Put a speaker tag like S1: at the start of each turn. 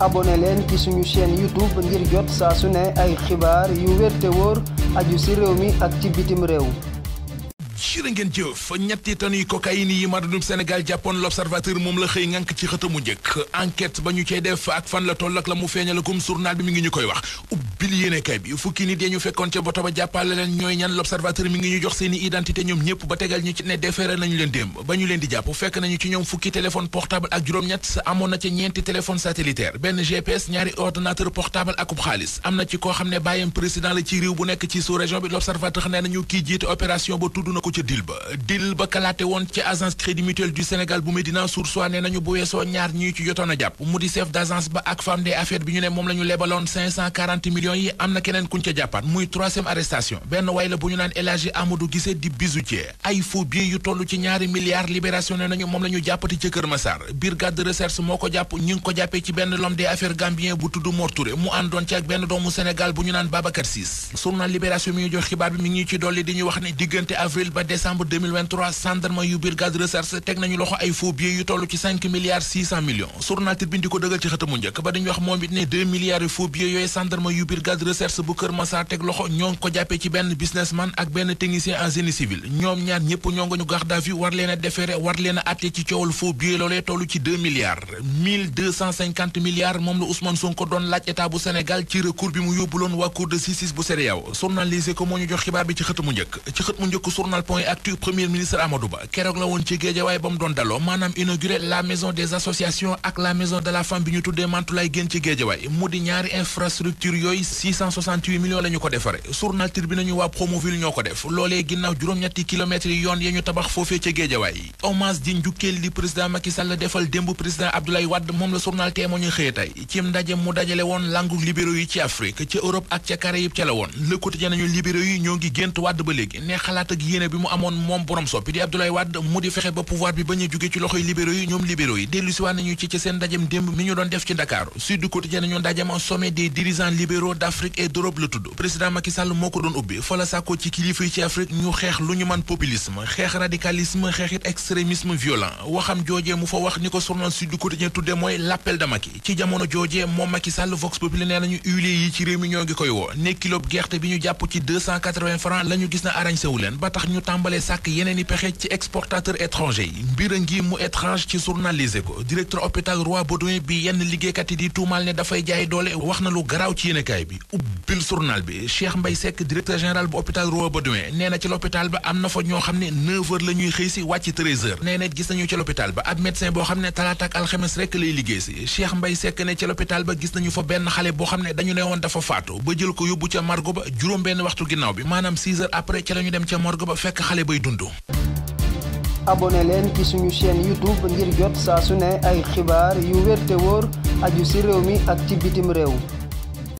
S1: abonné leen ci suñu seen YouTube ngir jot saa su ne ay xibaar yu wér te wóor aju ci réew mi ak ci bitim réew.
S2: jërë ngeen jëf ñetti tonnes yi cocaïne yi maradum Sénégal jàppoon l'observateur moom la xëy ngànk ci xëtamu njëkk enquête ba ñu cay def ak fan la toll ak la mu feeñalagum journal bi mi ngi ñu koy wax. pil yéene kay bi fukki nit ya ñu fekkoon ca boto ba jàppale leen ñooy ñan l'observateur mi ngi ñu jox seeni identité ñoom ñëpp ba tegal ñu ne defeere nañu leen démb ba ñu leen di jàpp fekk nañu ci ñoom fukki téléphone portable ak juróom-ñett sa amoon na ca ñeenti téléphone satellitaire benn gps ñaari ordinateur portable akub xaalis am na ci koo xam ne bàyyam président la ci réew bu nekk ci sous région bi l'observateur nee nañu kii jiite opération agression yi am na keneen kuñ ca jàppaat muy troisième arrestation benn waay bu ñu naan El Amadou Guissé di bijoutier ay faux yu toll ci ñaari milliards libération ne nañu moom la jàppati ca Kër Massar brigade de recherche moo ko jàpp ñu ngi ko jàppee ci benn l'homme des affaires gambien bu tudd Mor Touré mu àndoon ci ak benn doomu Sénégal bu ñu naan Babacar Ciss journal mi ñu jox xibaar bi mi ngi ci dolli di ñu wax ne diggante avril ba décembre 2023 brigade recherche bu Kër Massar teg loxo ñoo ngi ci benn businessman ak benn technicien en génie civil ñoom ñaar ñëpp ñoo leen a defere war leen ci coowal faux billets loolee toll milliards milliards moom la Ousmane Sonko doon laaj état bu Sénégal ci recours bi mu yóbbuloon waa cour de justice bu CEDEAO journalisé ko moo ñu jox xibaar bi ci xët mu njëkk ci xët mu njëkk actu premier ministre Amadou Ba keroog la woon ci géejawaay ba mu doon daloo maanaam inauguré la maison des associations ak la maison de la femme bi ñu tuddee Mantoulaye Guène ci géejawaay mu di ñaari infrastructure yooyu 668 millions la ñu ko defare journal Tribune ñu waa Promoville ñoo ko def loolee ginnaaw juróom-ñetti kilomètres yi yoon ya ñu tabax foofee ca Géejawaay hommage di njukkeel li président Macky Sall defal démb président Abdoulaye Wade moom la journal Témoin ñu xëye tey cim ndaje mu dajale woon langu libéraux yi ci Afrique ca Europe ak ca Caraïbes ca la woon Le Quotidien nañu libéraux yi ñoo ngi gént Wade ba léegi ne xalaat ak yéene bi mu amoon moom borom soppi a d'Afrique et d'Europe la tudd président Macky Sall moo ko doon ubbi fa la sàkkoo ci kilifa yi ci Afrique ñu xeex lu ñu man populisme xeex radicalisme xeexit extrémisme violent waxam joojee mu fa wax ni ko journal Sud Quotidien tudde mooy l'appel de Macky ci jamono joojee moom Macky Sall Vox Populi nee nañu huiliers yi ci réew mi ñoo ngi koy woo ne kilo gerte bi ñu jàpp ci 280 francs la ñu gis na arrangé wu leen ba tax ñu tàmbalee sàkk yeneen i pexe ci exportateur étranger yi mbir a ngi mu étrange ci journalisé ko directeur hôpital Roi Baudouin bi yenn liggéeykat yi di tuumal ne dafay jaay doole wax na lu garaaw ci yéenekaay bi ubbil journal bi Cheikh Mbaye Seck directeur général bu hôpital Roi Baudouin nee na ci l'hôpital ba am na fa ñoo xam ne 9h la ñuy xëy si wàcc 13h nee na gis nañu ci l'hôpital ba ab médecin boo xam ne talaata ak alxames rek lay liggéey si Cheikh Mbaye Seck ne ci l'hôpital ba gis nañu fa benn xale boo xam ne dañu ne woon dafa faatu ba jël ko yóbbu ca morgue ba juróom benn waxtu ginnaaw bi maanaam 6h après ci la dem ca morgue ba fekk